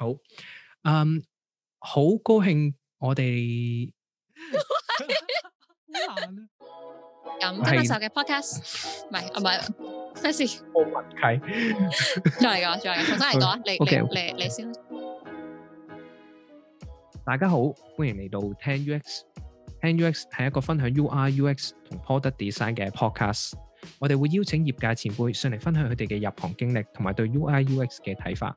好，嗯，好高興我哋咁、 嗯、 今日嘅受 podcast 唔係唔係咩事？我文契再嚟過，再嚟過重新嚟過，你你你 你先。大家好，歡迎嚟到聽 U X，聽 U X 係一個分享 U I U X 同 product design 嘅 podcast。我哋會邀請業界前輩上嚟分享佢哋嘅入行經歷同埋對 U I U X 嘅睇法。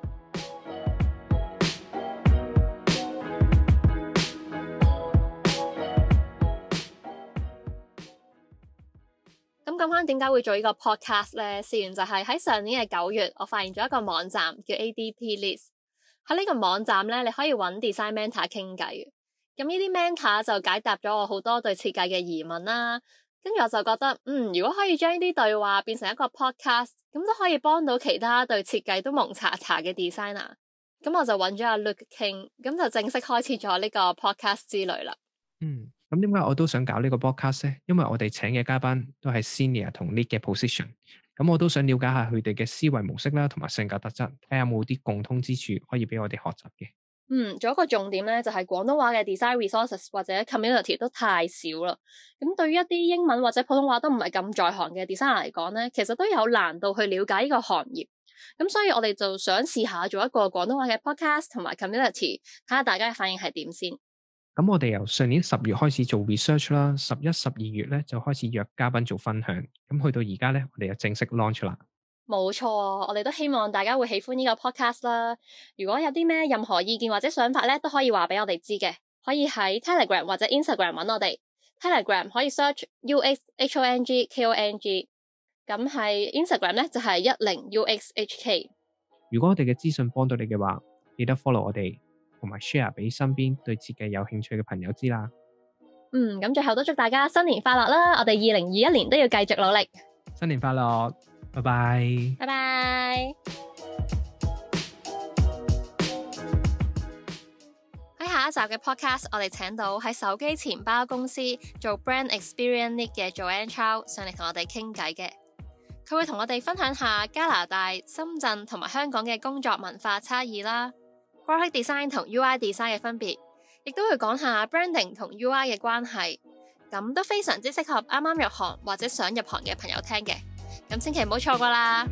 咁啱點解會做呢個 podcast 咧？試完就係喺上年嘅九月，我發現咗一個網站叫 ADP List。喺呢個網站咧，你可以揾 design mentor 傾偈。咁呢啲 mentor 就解答咗我好多對設計嘅疑問啦。跟住我就覺得，嗯，如果可以將呢啲對話變成一個 podcast，咁都可以幫到其他對設計都蒙查查嘅 designer。咁我就揾咗阿 Luke 傾，咁就正式開始咗呢個 podcast 之旅啦。嗯。咁點解我都想搞個呢個 podcast 咧？因為我哋請嘅嘉賓都係 senior 同 lead 嘅 position，咁我都想了解下佢哋嘅思維模式啦，同埋性格特質，睇下有冇啲共通之處可以俾我哋學習嘅。嗯，做一個重點咧，就係、是、廣東話嘅 design resources 或者 community 都太少啦。咁對於一啲英文或者普通話都唔係咁在行嘅 designer 嚟講咧，其實都有難度去了解呢個行業。咁所以我哋就想試下做一個廣東話嘅 podcast 同埋 community，睇下大家嘅反應係點先。咁我哋由上年十月開始做 research 啦，十一、十二月咧就開始約嘉賓做分享，咁去到而家咧，我哋又正式 launch 啦。冇錯，我哋都希望大家會喜歡呢個 podcast 啦。如果有啲咩任何意見或者想法咧，都可以話俾我哋知嘅，可以喺 Telegram 或者 Instagram 搵我哋。Telegram 可以 search U X H O N G K O N G，咁喺 Instagram 咧就係一零 U X H K。如果我哋嘅資訊幫到你嘅話，記得 follow 我哋。同埋 share 俾身邊對設計有興趣嘅朋友知啦。嗯，咁最後都祝大家新年快樂啦！我哋二零二一年都要繼續努力。新年快樂，拜拜，拜拜。喺 下一集嘅 podcast，我哋請到喺手機錢包公司做 brand experience 嘅做 Joanne Chow 上嚟同我哋傾偈嘅，佢會同我哋分享下加拿大、深圳同埋香港嘅工作文化差異啦。product design 同 UI design 嘅分別，亦都會講下 branding 同 UI 嘅關係，咁都非常之適合啱啱入行或者想入行嘅朋友聽嘅，咁千祈唔好錯過啦！